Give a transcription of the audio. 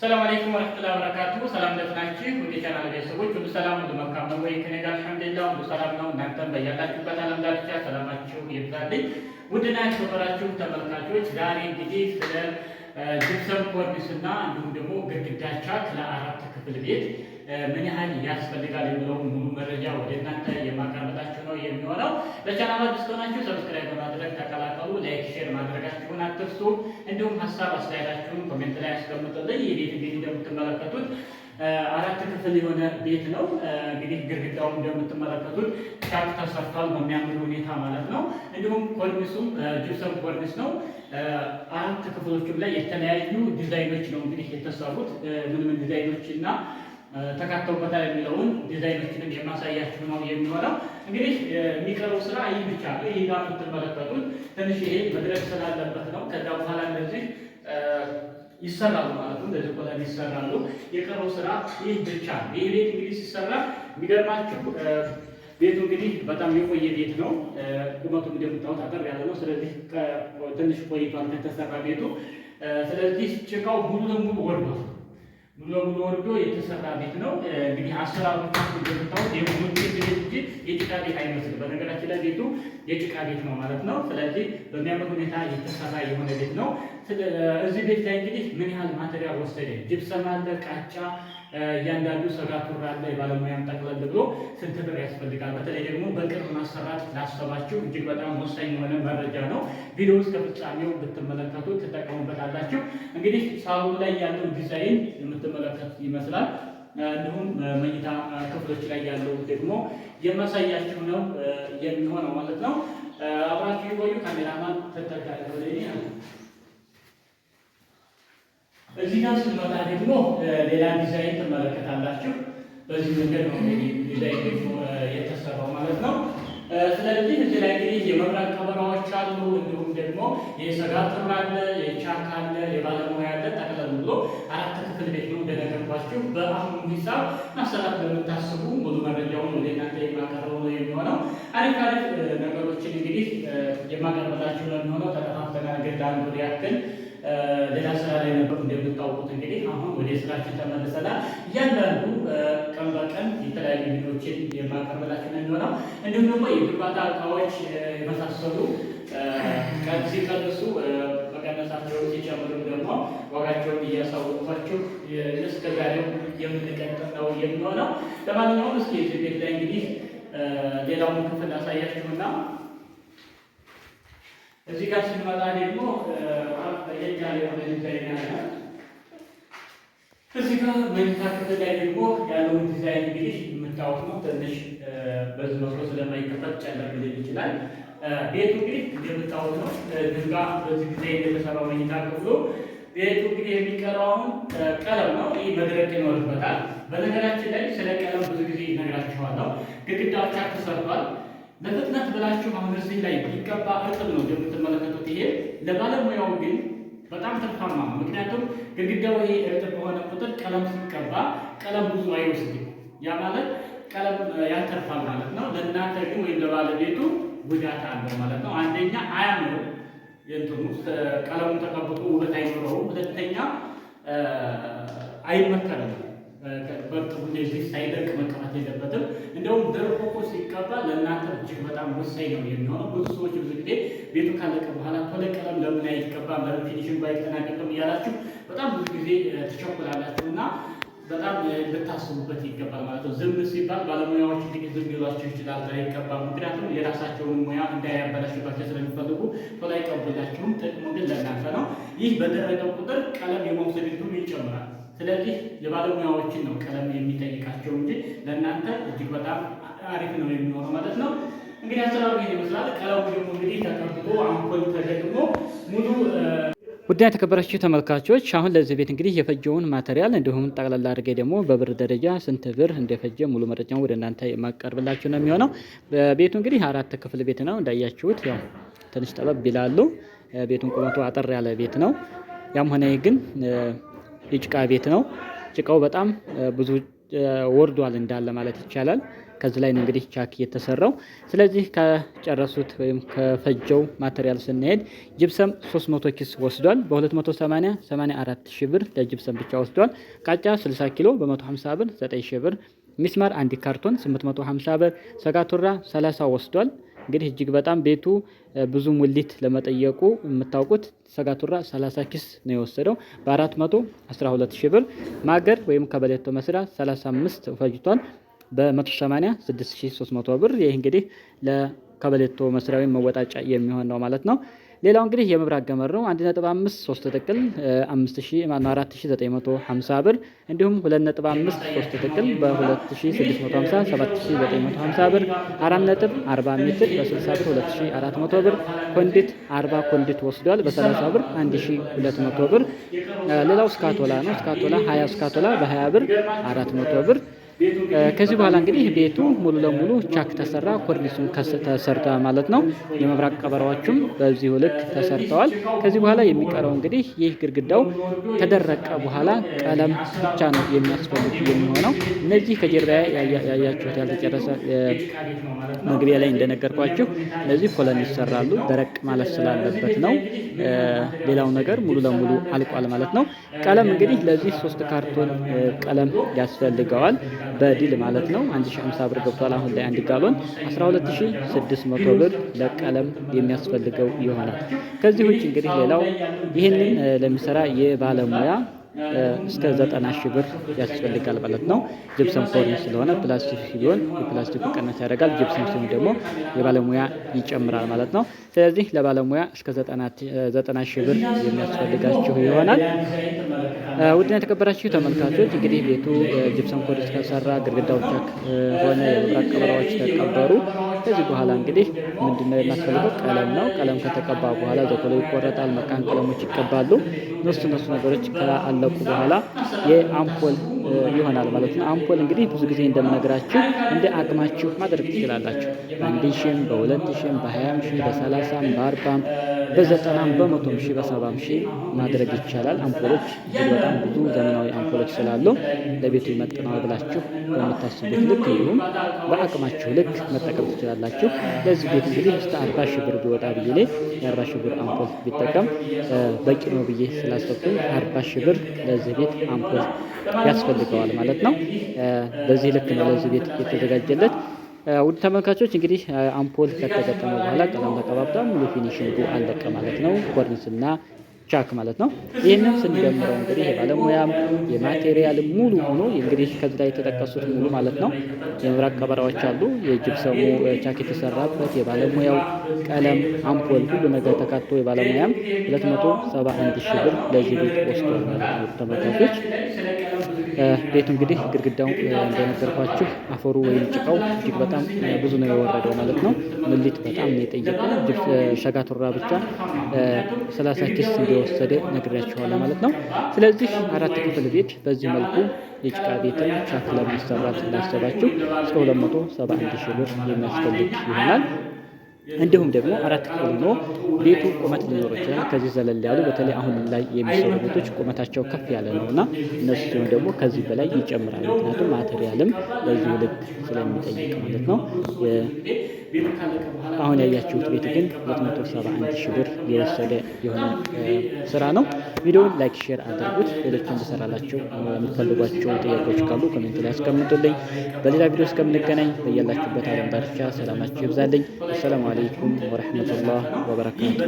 ሰላም አለይኩም ወራህመቱላሂ ወበረካቱ። ሰላም ለፍናችሁ ወደ ቻናል ቤተሰቦች ሁሉ ሰላም ሁሉ መልካም ነው ወይ? ከኔ ጋር አልሐምዱሊላህ ሁሉ ሰላም ነው። እናንተም በያላችሁበት ዓለም ዳርቻ ሰላማችሁ ይብዛልኝ። ውድና የተከበራችሁ ተመልካቾች ዛሬ እንግዲህ ስለ ጅፕሰም ኮርኒስ እና እንዲሁም ደግሞ ግድግዳቻ ለአራት ክፍል ቤት ምን ያህል ያስፈልጋል የሚለው ሙሉ መረጃ ወደ እናንተ የማቀርብላችሁ ነው የሚሆነው። ለቻናል አዲስ ከሆናችሁ ሰብስክራይብ በማድረግ ተቀላቀሉ። ላይክ፣ ሼር ማድረጋችሁን አትርሱ። እንዲሁም ሀሳብ አስተያየታችሁን ኮሜንት ላይ አስቀምጡልኝ። ይህ እንግዲህ እንደምትመለከቱት አራት ክፍል የሆነ ቤት ነው። እንግዲህ ግድግዳው እንደምትመለከቱት ሻክ ተሰርቷል በሚያምር ሁኔታ ማለት ነው። እንዲሁም ኮርኒሱም ጅብሰም ኮርኒስ ነው። አራት ክፍሎችም ላይ የተለያዩ ዲዛይኖች ነው እንግዲህ የተሰሩት ምን ምን ዲዛይኖች እና ተካተውበታል የሚለውን ዲዛይኖችንም የማሳያችሁ ነው የሚሆነው። እንግዲህ የሚቀረው ስራ ይህ ብቻ ነው። ይህ ጋር የምትመለከቱት ትንሽ ይሄ መድረክ ስላለበት ነው። ከዛ በኋላ እንደዚህ ይሰራሉ ማለት ነው። እንደዚህ ቆጠር ይሰራሉ። የቀረው ስራ ይህ ብቻ ነው። ይህ ቤት እንግዲህ ሲሰራ የሚገርማችሁ ቤቱ እንግዲህ በጣም የቆየ ቤት ነው። ቁመቱ እንደምታወት የምታዩት አጠር ያለ ነው። ስለዚህ ትንሽ ቆይቷል ከተሰራ ቤቱ። ስለዚህ ጭቃው ሙሉ ለሙሉ ወድሟል። ሙሉ ለሙሉ ወርዶ የተሰራ ቤት ነው። እንግዲህ አሰራሩ እንደምታውቁት የሙሉ ቤት የጭቃ ቤት አይመስልም። በነገራችን ላይ ቤቱ የጭቃ ቤት ነው ማለት ነው። ስለዚህ በሚያምር ሁኔታ የተሰራ የሆነ ቤት ነው። እዚህ ቤት ላይ እንግዲህ ምን ያህል ማቴሪያል ወሰደ? ጅብሰም አለ፣ ቃጫ እያንዳንዱ ሰጋቱራ አለ የባለሙያም ጠቅለል ብሎ ስንት ብር ያስፈልጋል? በተለይ ደግሞ በቅርብ ማሰራት ላሰባችሁ እጅግ በጣም ወሳኝ የሆነ መረጃ ነው። ቪዲዮ እስከ ፍጻሜው ብትመለከቱ ትጠቀሙበታላችሁ። እንግዲህ ሳሎን ላይ ያለው ዲዛይን የምትመለከት ይመስላል። እንዲሁም መኝታ ክፍሎች ላይ ያለው ደግሞ የማሳያችሁ ነው የሚሆነው ማለት ነው። አብራችሁ የቆዩ ካሜራማን ተጠቃለ እዚህ ጋር ስንመጣ ደግሞ ሌላ ዲዛይን ትመለከታላችሁ። በዚህ መንገድ ነው ዲዛይን የተሰራው ማለት ነው። ስለዚህ እዚህ ላይ እንግዲህ የመብራት ከበራዎች አሉ፣ እንዲሁም ደግሞ የሰጋ ትር አለ፣ የቻክ አለ፣ የባለሙያ አለ። ጠቅለል ብሎ አራት ክፍል ቤት ነው እንደነገርኳችሁ። በአሁኑ ሂሳብ ማሰራት ለምታስቡ ሙሉ መረጃውን ወደ እናንተ የማቀርበው ነው የሚሆነው። አሪፍ አሪፍ ነገሮችን እንግዲህ የማቀርበላችሁ ለሚሆነው ተከፋፍተናል። ግን ለአንዱ ያክል ሌላ ስራ ላይ ነበሩ። እንደምታውቁት እንግዲህ አሁን ወደ ስራችን ተመልሰናል። እያንዳንዱ ቀን በቀን የተለያዩ ቪዲዮችን የማቀርበላችሁ ነው የሚሆነው። እንዲሁም ደግሞ የግንባታ እቃዎች የመሳሰሉ ሲቀንሱ በቀነሳቸው ሲጨምሩ ደግሞ ዋጋቸውን እያሳወቅኳችሁ እስከ ዛሬው የምንቀጥል ነው የሚሆነው። ለማንኛውም እስኪ ኢትዮጵያ ላይ እንግዲህ ሌላውን ክፍል አሳያችሁና እዚህ ጋር ስንመጣ ደግሞ ለየት ያለ የሆነ ዲዛይን ያለ እዚህ ጋር መኝታ ክፍል ላይ ደግሞ ያለውን ዲዛይን እንግዲህ የምታወቅ ነው። ትንሽ በዚህ መስሎ ስለማይከፈት ጨለምልኝ ይችላል። ቤቱ እንግዲህ እንደምታወቅ ነው። ድንጋ በዚህ ጊዜ እንደተሰራ መኝታ ክፍሉ ቤቱ እንግዲህ የሚቀረውን ቀለም ነው። ይህ መድረቅ ይኖርበታል። በነገራችን ላይ ስለ ቀለም ብዙ ጊዜ ይነግራችኋለሁ። ግድግዳው ተሰርቷል። ለፍጥነት ብላችሁ አሁን እዚህ ላይ ሊቀባ እርጥብ ነው የምትመለከቱት። ይሄ ለባለሙያው ግን በጣም ትርፋማ፣ ምክንያቱም ግድግዳው ይሄ እርጥብ በሆነ ቁጥር ቀለም ሲቀባ ቀለም ብዙ አይወስድም። ያ ማለት ቀለም ያተርፋል ማለት ነው። ለእናንተ ግን ወይም ለባለቤቱ ጉዳት አለው ማለት ነው። አንደኛ አያምርም፣ የእንትኑ ቀለሙን ተቀብቶ ውበት አይኖረውም። ሁለተኛ አይመከርም። በእርጥቡ እንደዚህ ሳይደርቅ መቀመጥ የለበትም። እንደውም ደርቆ እኮ ሲቀባ ለእናንተ እጅግ በጣም ወሳኝ ነው የሚሆነው። ብዙ ሰዎች ብዙ ጊዜ ቤቱ ካለቀ በኋላ ቶሎ ቀለም ለምን አይቀባም፣ ለምን ፊኒሽን አይጠናቀቅም እያላችሁ በጣም ብዙ ጊዜ ትቸኩላላችሁ እና በጣም ልታስቡበት ይገባል ማለት ነው። ዝም ሲባል ባለሙያዎች ጥቂት ዝም ይሏቸው ይችላል ዛ አይቀባም። ምክንያቱም የራሳቸውን ሙያ እንዳያበላሽባቸው ስለሚፈልጉ ቶሎ አይቀቡላችሁም። ጥቅሙ ግን ለእናንተ ነው። ይህ በደረቀ ቁጥር ቀለም የመውሰድ ዕድሉ ይጨምራል። ስለዚህ የባለሙያዎችን ነው ቀለም ለእናንተ እጅግ በጣም አሪፍ ነው የሚሆነው ማለት ነው። እንግዲህ አሰራሩ ይህን ይመስላል። ቀለሙ ደግሞ እንግዲህ ተቀብቶ አምፖል ተደግሞ ሙሉ ውድ የተከበራችሁ ተመልካቾች አሁን ለዚህ ቤት እንግዲህ የፈጀውን ማቴሪያል እንዲሁም ጠቅላላ አድርጌ ደግሞ በብር ደረጃ ስንት ብር እንደፈጀ ሙሉ መረጃውን ወደ እናንተ የማቀርብላችሁ ነው የሚሆነው። ቤቱ እንግዲህ አራት ክፍል ቤት ነው እንዳያችሁት፣ ያው ትንሽ ጠበብ ይላሉ። ቤቱን ቁመቱ አጠር ያለ ቤት ነው። ያም ሆነ ግን የጭቃ ቤት ነው። ጭቃው በጣም ብዙ ወርዷል እንዳለ ማለት ይቻላል። ከዚህ ላይ እንግዲህ ቻክ የተሰራው። ስለዚህ ከጨረሱት ወይም ከፈጀው ማቴሪያል ስንሄድ ጅብሰም 300 ኪስ ወስዷል። በ280 84 ሺህ ብር ለጅብሰም ብቻ ወስዷል። ቃጫ 60 ኪሎ በ150 ብር 9 ሺህ ብር፣ ሚስማር አንድ ካርቶን 850 ብር፣ ሰጋቱራ 30 ወስዷል። እንግዲህ እጅግ በጣም ቤቱ ብዙ ሙሊት ለመጠየቁ የምታውቁት ሰጋቱራ 30 ኪስ ነው የወሰደው በ412 ሺህ ብር። ማገር ወይም ከበሌቶ መስሪያ 35 ፈጅቷል በ180 ብር። ይህ እንግዲህ ለከበሌቶ መስሪያ ወይም መወጣጫ የሚሆን ነው ማለት ነው። ሌላው እንግዲህ የመብራት ገመድ ነው። 1.5 3 ጥቅል 4950 ብር እንዲሁም 2.5 3 ጥቅል በ2650 7950 ብር 4.40 ሜትር በ60 ብር 2400 ብር ኮንዲት 40 ኮንዲት ወስዷል በ30 ብር 1200 ብር። ሌላው ስካቶላ ነው። ስካቶላ 20 ስካቶላ በ20 ብር 400 ብር ከዚህ በኋላ እንግዲህ ቤቱ ሙሉ ለሙሉ ቻክ ተሰራ፣ ኮርኒሱን ተሰርተ ማለት ነው። የመብራት ቀበራዎቹም በዚህ ልክ ተሰርተዋል። ከዚህ በኋላ የሚቀረው እንግዲህ ይህ ግድግዳው ከደረቀ በኋላ ቀለም ብቻ ነው የሚያስፈልግ የሚሆነው። እነዚህ ከጀርባ ያያችሁት ያልተጨረሰ መግቢያ ላይ እንደነገርኳችሁ እነዚህ ኮለን ይሰራሉ። ደረቅ ማለት ስላለበት ነው። ሌላው ነገር ሙሉ ለሙሉ አልቋል ማለት ነው። ቀለም እንግዲህ ለዚህ ሶስት ካርቶን ቀለም ያስፈልገዋል። በድል ማለት ነው 1050 ብር ገብቷል። አሁን ላይ አንድ ጋሎን 12600 ብር ለቀለም የሚያስፈልገው ይሆናል። ከዚህ ውጭ እንግዲህ ሌላው ይህንን ለሚሰራ የባለሙያ እስከ ዘጠና ሺህ ብር ያስፈልጋል ማለት ነው። ጅብሰም ፎርም ስለሆነ ፕላስቲክ ሲሆን የፕላስቲኩ ቀነስ ያደርጋል። ጅብሰም ሲሆን ደግሞ የባለሙያ ይጨምራል ማለት ነው። ስለዚህ ለባለሙያ እስከ ዘጠና ሺህ ብር የሚያስፈልጋችሁ ይሆናል። ውድና የተከበራችሁ ተመልካቾች እንግዲህ ቤቱ ጅብሰን ኮድ ተሰራ፣ ግድግዳዎች ሆነ የመብራት ቀበራዎች ተቀበሩ። ከዚህ በኋላ እንግዲህ ምንድነው የሚያስፈልገው? ቀለም ነው። ቀለም ከተቀባ በኋላ ዘኮሎ ይቆረጣል፣ መካን ቀለሞች ይቀባሉ። እነሱ እነሱ ነገሮች ከአለቁ በኋላ የአምፖል ይሆናል ማለት ነው። አምፖል እንግዲህ ብዙ ጊዜ እንደምነግራችሁ እንደ አቅማችሁ ማድረግ ትችላላችሁ። በአንድ ሺህም በሁለት ሺህም በሀያም ሺህ በሰላሳም በአርባም በዘጠናም በመቶም ሺህ በሰባም ሺህ ማድረግ ይቻላል። አምፖሎች በጣም ብዙ ዘመናዊ አምፖሎች ስላሉ ለቤቱ ይመጥናል ብላችሁ በምታስቡት ልክ እንዲሁም በአቅማችሁ ልክ መጠቀም ትችላላችሁ። ለዚህ ቤት እንግዲህ እስከ አርባ ሺህ ብር ቢወጣ ብዬ ላይ የአርባ ሺህ ብር አምፖል ቢጠቀም በቂ ነው ብዬ ስላሰብኩኝ አርባ ሺህ ብር ለዚህ ቤት አምፖል ያስፈልገዋል ማለት ነው። በዚህ ልክ ነው ለዚህ ቤት የተዘጋጀለት። ውድ ተመልካቾች እንግዲህ አምፖል ከተገጠመ በኋላ ቀለም ተቀባብታ ሙሉ ፊኒሽንጉ አለቀ ማለት ነው። ኮርኒስና ቻክ ማለት ነው። ይህንም ስንጀምረው እንግዲህ የባለሙያም የማቴሪያል ሙሉ ሆኖ እንግዲህ ከዚህ ላይ የተጠቀሱት ሙሉ ማለት ነው። የመብራት ቀበራዎች አሉ፣ የጅብሰሙ ቻክ የተሰራበት የባለሙያው ቀለም፣ አምፖል፣ ሁሉ ነገር ተካቶ የባለሙያም 271 ሺህ ብር ለዚህ ቤት ወስዷል ተመልካቾች ቤቱ እንግዲህ ግድግዳው እንደነገርኳችሁ አፈሩ ወይም ጭቃው እጅግ በጣም ብዙ ነው የወረደው ማለት ነው። ምሊት በጣም ነው የጠየቀው። ሸጋቱራ ብቻ ሰላሳ ኪስ እንደወሰደ ነግሬያችኋለሁ ማለት ነው። ስለዚህ አራት ክፍል ቤት በዚህ መልኩ የጭቃ ቤትን ሻክላ ማሰራት እንዳሰባችሁ እስከ ሁለት መቶ ሺህ ብር የሚያስፈልግ ይሆናል። እንዲሁም ደግሞ አራት ክፍል ቤቱ ቁመት ሊኖረው ይችላል። ከዚህ ዘለል ያሉ በተለይ አሁን ላይ የሚሰሩ ቤቶች ቁመታቸው ከፍ ያለ ነው እና እነሱ ሲሆን ደግሞ ከዚህ በላይ ይጨምራል። ምክንያቱም ማቴሪያልም በዚህ ልክ ስለሚጠይቅ ማለት ነው። አሁን ያያችሁት ቤት ግን 271 ሺህ ብር የወሰደ የሆነ ስራ ነው። ቪዲዮውን ላይክ፣ ሼር አድርጉት። ሌሎች እንድሰራላቸው የምትፈልጓቸው ጥያቄዎች ካሉ ኮሜንት ላይ አስቀምጡልኝ። በሌላ ቪዲዮ እስከምንገናኝ በያላችሁበት ዓለም ዳርቻ ሰላማችሁ ይብዛልኝ። አሰላሙ አለይኩም ወረህመቱላህ ወበረካቱ።